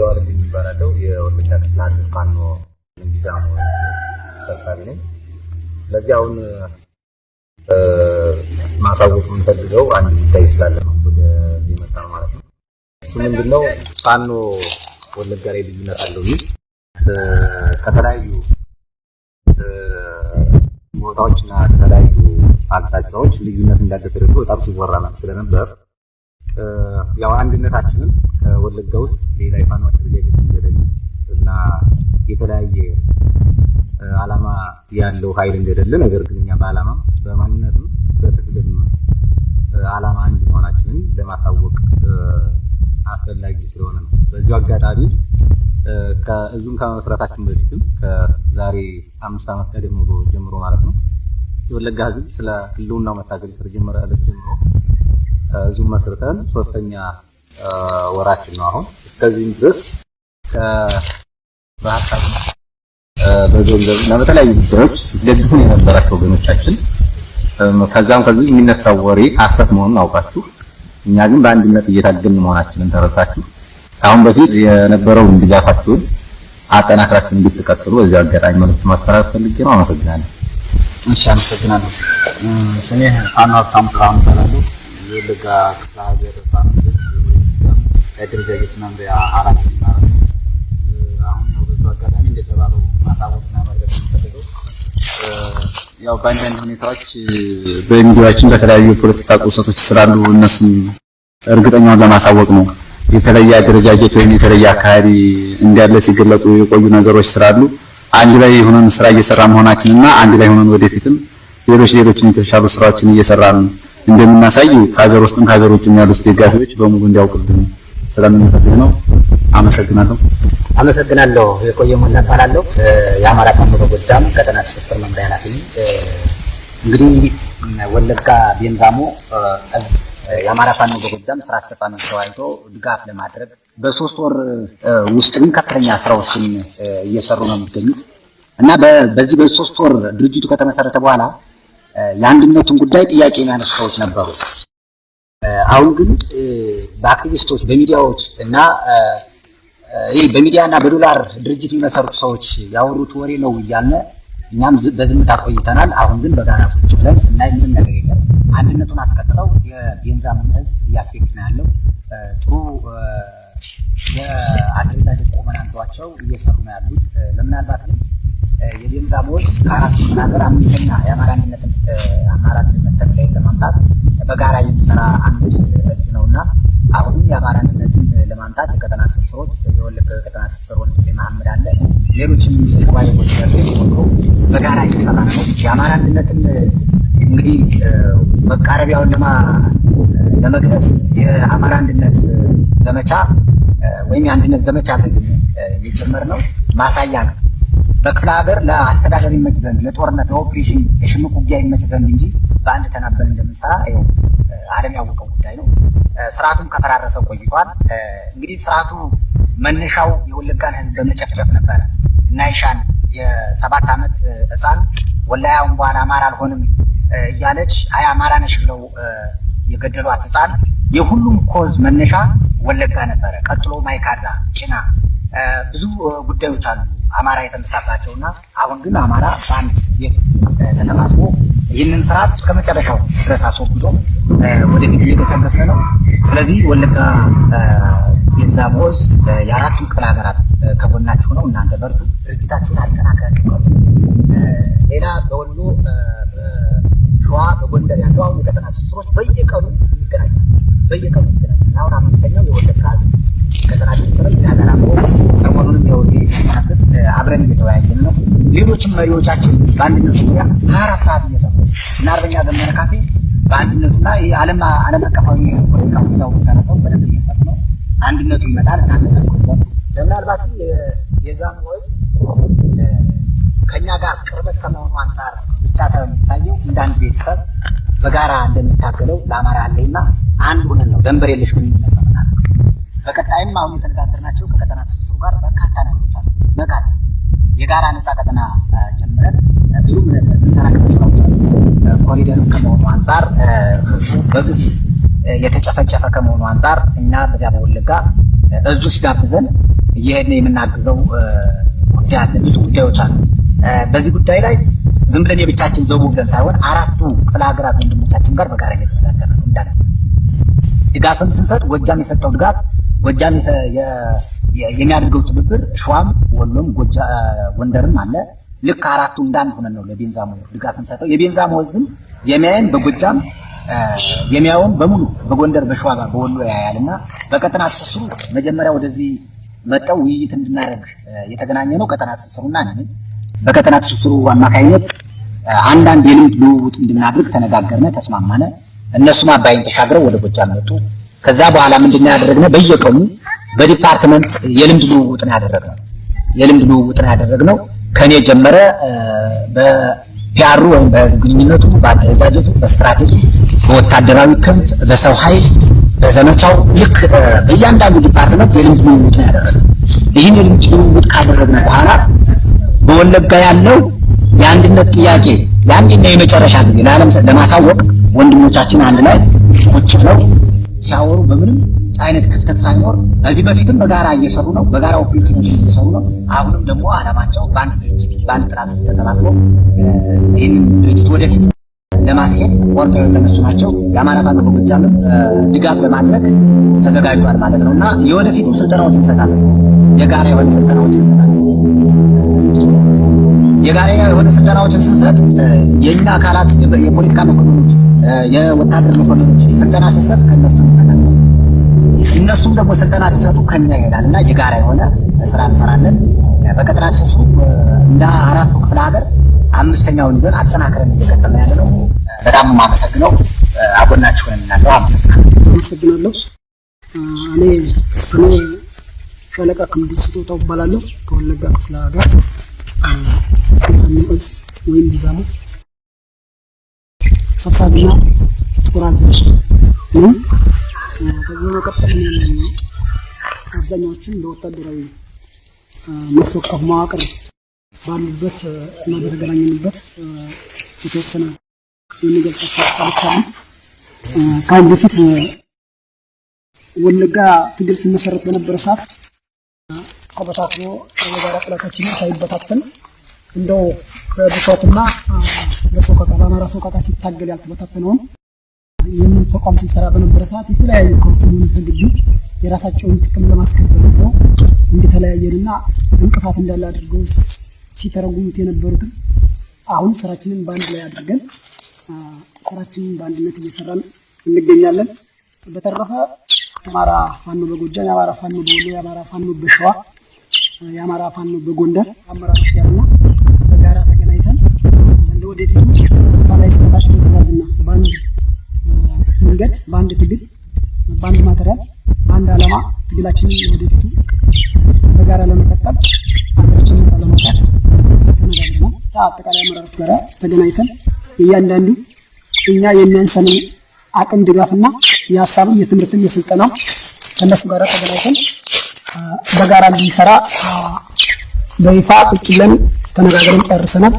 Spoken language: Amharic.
ሲዋር የሚባላለው የወልቂጤ ክፍለ ሀገር ፋኖ ሚዛን ሰብሳቢ ነኝ። ስለዚህ አሁን ማሳወቅ የምንፈልገው አንድ ጉዳይ ስላለ ነው ወደዚህ መጣ ማለት ነው። እሱ ምንድን ነው ፋኖ ወለጋ ላይ ልዩነት አለው ይህ ከተለያዩ ቦታዎች እና ከተለያዩ አቅጣጫዎች ልዩነት እንዳለ ተደርጎ በጣም ሲወራ ስለነበር ያው አንድነታችንም ከወለጋ ውስጥ ሌላ የፋኖ አደረጃጀት እንደሌለ እና የተለያየ ዓላማ ያለው ኃይል እንደሌለ ነገር ግን እኛ በዓላማም በማንነትም በትግልም ዓላማ አንድ መሆናችንን ለማሳወቅ አስፈላጊ ስለሆነ ነው። በዚሁ አጋጣሚ ከእዙን ከመመስረታችን በፊትም ከዛሬ አምስት ዓመት ቀደም ጀምሮ ማለት ነው የወለጋ ሕዝብ ስለ ህልውናው መታገል ስለጀመረ ዕለት ጀምሮ ዙም መስርተን ሶስተኛ ወራችን ነው አሁን። እስከዚህም ድረስ በሀሳብ በገንዘብ እና በተለያዩ ጉዳዮች ስትደግፉን የነበራችሁ ወገኖቻችን ከዛም ከዚህ የሚነሳው ወሬ ሀሰት መሆኑን አውቃችሁ እኛ ግን በአንድነት እየታገልን መሆናችንን ተረታችሁ ከአሁን በፊት የነበረውን ድጋፋችሁን አጠናክራችሁ እንድትቀጥሉ በዚህ አጋጣሚ መልዕክት ማስተላለፍ ፈልጌ ነው። አመሰግናለሁ። እሺ፣ አመሰግናለሁ። ስሜ ፋኖ ሀብታሙ ካም እባላለሁ። የወለጋ ክፍለ ሀገር ህጻናቶች መምሪያ አራት ማለት ነው። አሁን ያው በዙ አጋጣሚ እንደተባለው ማሳወቅና መርገጥ የሚፈልገው ያው በአንዳንድ ሁኔታዎች በሚዲያችን በተለያዩ የፖለቲካ ቁሰቶች ስላሉ እነሱም እርግጠኛውን ለማሳወቅ ነው። የተለየ አደረጃጀት ወይም የተለየ አካባቢ እንዳለ ሲገለጡ የቆዩ ነገሮች ስላሉ አንድ ላይ ሆነን ስራ እየሰራ መሆናችንና አንድ ላይ ሆነን ወደፊትም ሌሎች ሌሎችን የተሻሉ ስራዎችን እየሰራን እንደምናሳይ ከሀገር ውስጥም ከሀገር ውጭም ያሉት ደጋፊዎች በሙሉ እንዲያውቅብን ስለምንፈልግ ነው። አመሰግናለሁ። አመሰግናለሁ። የቆየ ሞላ እባላለሁ። የአማራ ፋኖ በጎጃም ቀጠና ትስስር መምሪያ ኃላፊ። እንግዲህ ወለጋ ቤንዛሞ እዝ የአማራ ፋኖ በጎጃም ስራ አስፈጻሚ ተወያይቶ ድጋፍ ለማድረግ በሶስት ወር ውስጥ ግን ከፍተኛ ስራዎችን እየሰሩ ነው የሚገኙት እና በዚህ በሶስት ወር ድርጅቱ ከተመሰረተ በኋላ የአንድነቱን ጉዳይ ጥያቄ የሚያነሱ ሰዎች ነበሩ። አሁን ግን በአክቲቪስቶች በሚዲያዎች እና ይህ በሚዲያ እና በዶላር ድርጅት የሚመሰሩት ሰዎች ያወሩት ወሬ ነው እያልን እኛም በዝምታ ቆይተናል። አሁን ግን በጋራ ቁጭ ብለን እና ምንም ነገር የለም። አንድነቱን አስቀጥለው የቤንዛምን ህዝብ እያስገኝ ነው ያለው። ጥሩ የአደረጃጀት አንዷቸው እየሰሩ ነው ያሉት። ለምናልባት ግን የቤንዛሞች ከአራት ምናገር አምስተኛ የአማራኝነት አማራ ክልል መተንፈይን ለማምጣት በጋራ የሚሰራ አንድ እዝ ነው እና አሁንም የአማራ አንድነትን ለማምጣት የቀጠና ስብሰቦች የወለቀ የቀጠና ስብሰብ ወንድሜ መሐመድ አለ ሌሎችም የሸዋዬ ቦች ያሉ ሞክሮ በጋራ እየሰራ ነው። የአማራ አንድነትን እንግዲህ መቃረቢያውን ለማ ለመግለጽ የአማራ አንድነት ዘመቻ ወይም የአንድነት ዘመቻ የጀመርነው ማሳያ ነው። በክፍለ ሀገር ለአስተዳደር ይመች ዘንድ ለጦርነት፣ ለኦፕሬሽን፣ የሽምቅ ውጊያ ይመች ዘንድ እንጂ በአንድ ተናበን እንደምንሰራ አለም ዓለም ያወቀው ጉዳይ ነው። ስርዓቱም ከፈራረሰ ቆይቷል። እንግዲህ ስርዓቱ መነሻው የወለጋን ህዝብ በመጨፍጨፍ ነበረ እና ይሻን የሰባት ዓመት ህፃን ወላያውን በኋላ አማራ አልሆንም እያለች አይ አማራ ነሽ ብለው የገደሏት ህፃን የሁሉም ኮዝ መነሻ ወለጋ ነበረ። ቀጥሎ ማይካድራ፣ ጭና ብዙ ጉዳዮች አሉ አማራ የተነሳባቸው እና አሁን ግን አማራ በአንድ ቤት ተሰባስቦ ይህንን ስርዓት እስከ መጨረሻው ድረስ አስወግጦ ወደፊት እየገሰገሰ ነው። ስለዚህ ወለጋ የብዛ መወዝ የአራቱም ክፍለ ሀገራት ከጎናችሁ ነው። እናንተ በርቱ፣ ድርጅታችሁን አጠናክራችሁ ሌላ በወሎ በማስገብ አብረን እየተወያየን ነው። ሌሎችም መሪዎቻችን በአንድነቱ ዙሪያ ሀያ አራት ሰዓት እየሰሩ እና አርበኛ ዘመነ ካሴ በአንድነቱና ዓለም አቀፋዊ ፖለቲካ ሁኔታ ተረፈው በደንብ እየሰሩ ነው። አንድነቱ ይመጣል። እናንተጠቁበት ለምናልባት የዛም ወይስ ከእኛ ጋር ቅርበት ከመሆኑ አንጻር ብቻ ሳይሆን የሚታየው እንደ አንድ ቤተሰብ በጋራ እንደሚታገለው ለአማራ አለኝና አንድ ሆነን ነው ደንበር የለሽ ግንኙነት በቀጣይም አሁን የተነጋገርናቸው ከቀጠና ትስስሩ ጋር በርካታ ነገሮች አሉ። መቃት የጋራ ነፃ ቀጠና ጀምረን ብዙ ነገር ምንሰራቸው ስራዎች አሉ። ኮሪደርም ከመሆኑ አንጻር በግፍ የተጨፈጨፈ ከመሆኑ አንጻር እኛ በዚያ በወለጋ እዙ ሲጋብዘን ይህን የምናግዘው ጉዳይ አለ። ብዙ ጉዳዮች አሉ። በዚህ ጉዳይ ላይ ዝም ብለን የብቻችን ዘቡ ብለን ሳይሆን አራቱ ክፍለ ሀገራት ወንድሞቻችን ጋር በጋራ እየተነጋገርን ነው። እንዳለ ድጋፍም ስንሰጥ ጎጃም የሰጠው ድጋፍ ጎጃም የሚያደርገው ትብብር ሸዋም፣ ወሎም፣ ጎንደርም አለ። ልክ አራቱ እንዳንድ ሆነን ነው ለቤንዛሞ ድጋፍ የምሰጠው። የቤንዛሞ ህዝብም የሚያየን በጎጃም የሚያየውን በሙሉ በጎንደር፣ በሸዋ፣ በወሎ ያያል እና በቀጠና ትስስሩ መጀመሪያ ወደዚህ መጠው ውይይት እንድናደርግ የተገናኘ ነው። ቀጠና ትስስሩና በቀጠና ትስስሩ አማካኝነት አንዳንድ የልምድ ልውውጥ እንድናደርግ ተነጋገርነ፣ ተስማማነ። እነሱም አባይን ተሻግረው ወደ ጎጃም መጡ። ከዛ በኋላ ምንድን ነው ያደረግነው? በየቀኑ በዲፓርትመንት የልምድ ልውውጥ ነው ያደረግነው። የልምድ ልውውጥ ነው ያደረግነው። ከኔ ጀመረ በፒያሩ ወይም በግንኙነቱ፣ በአደረጃጀቱ፣ በስትራቴጂ፣ በወታደራዊ ክንፍ፣ በሰው ኃይል፣ በዘመቻው ልክ በእያንዳንዱ ዲፓርትመንት የልምድ ልውውጥ ነው ያደረግነው። ይህን የልምድ ልውውጥ ካደረግነ በኋላ በወለጋ ያለው የአንድነት ጥያቄ ለአንድና የመጨረሻ ጊዜ ለዓለም ለማሳወቅ ወንድሞቻችን አንድ ላይ ቁጭ ነው ሲያወሩ በምንም አይነት ክፍተት ሳይኖር ከዚህ በፊትም በጋራ እየሰሩ ነው፣ በጋራ ኦፕሬሽኖች እየሰሩ ነው። አሁንም ደግሞ አላማቸው በአንድ ድርጅት በአንድ ጥራት ተሰባስበው ይህን ድርጅት ወደፊት ለማስሄድ ቆርጠው የተነሱ ናቸው። የአማራ ፋኖ በጎጃምም ድጋፍ ለማድረግ ተዘጋጅቷል ማለት ነው እና የወደፊቱ ስልጠናዎች ይሰጣል። የጋራ የሆነ ስልጠናዎች ይሰጣል። የጋራ የሆነ ስልጠናዎችን ስንሰጥ የእኛ አካላት የፖለቲካ መኮንኖች የወታደር መኮንኖች ስልጠና ሲሰጥ ከነሱ ይመጣል። እነሱም ደግሞ ስልጠና ሲሰጡ ከኛ ይሄዳል እና የጋራ የሆነ ስራ እንሰራለን። በቀጠና ሲሱ እንደ አራቱ ክፍለ ሀገር አምስተኛውን ይዘን አጠናክረን እየቀጠለ ያለ ነው። በጣም የማመሰግነው አጎናችሁን የምናለው አመሰግናለሁ። እኔ ስሜ ሻለቃ ክምዱስ ስጦታው እባላለሁ ከወለጋ ክፍለ ሀገር ወይም ቢዛሙ ሰብሳቢና ጦር አዛዥ ነው። ከዚህ በመቀጠል አብዛኛዎቹም በወታደራዊ ማስወቀፍ መዋቅር ባሉበት እና በተገናኘንበት የተወሰነ የሚገልጻቸው ሀሳቦች አሉ። ከአሁን በፊት ወለጋ ትግል ሲመሰረት በነበረ ሰዓት ተበታትኖ የጋራ ጥላታችንን ሳይበታተን እንደው በብሶትና ለሰው ቀቃ ለራሱ ሲታገል ያልተበታተነውን ይህንን ተቋም ሲሰራ በነበረ ሰዓት የተለያዩ ከውጭ ተግቢ የራሳቸውን ጥቅም ለማስከበር ነው እንደተለያየንና እንቅፋት እንዳለ አድርገው ሲተረጉሙት የነበሩትን አሁን ስራችንን በአንድ ላይ አድርገን ስራችንን በአንድነት እየሰራን እንገኛለን። በተረፈ አማራ ፋኖ በጎጃም፣ የአማራ ፋኖ በወሎ፣ የአማራ ፋኖ በሸዋ፣ የአማራ ፋኖ በጎንደር አመራሮች ጋርና በጋራ ተገናኝተን ለወደፊቱ ከላይ እስከታች በትዕዛዝና በአንድ መንገድ በአንድ ትግል በአንድ ማተሪያል በአንድ ዓላማ ትግላችንን ወደፊቱ በጋራ ለመቀጠል ሀገራችንን ነፃ ለማውጣት ተነጋግረናል። አጠቃላይ አመራሮች ጋር ተገናኝተን እያንዳንዱ እኛ የሚያንሰን አቅም ድጋፍና የሀሳብም የትምህርትም የስልጠናም ከእነሱ ጋር ተገናኝተን በጋራ እንዲሰራ በይፋ ቁጭ ብለን ተነጋግረን ጨርሰናል።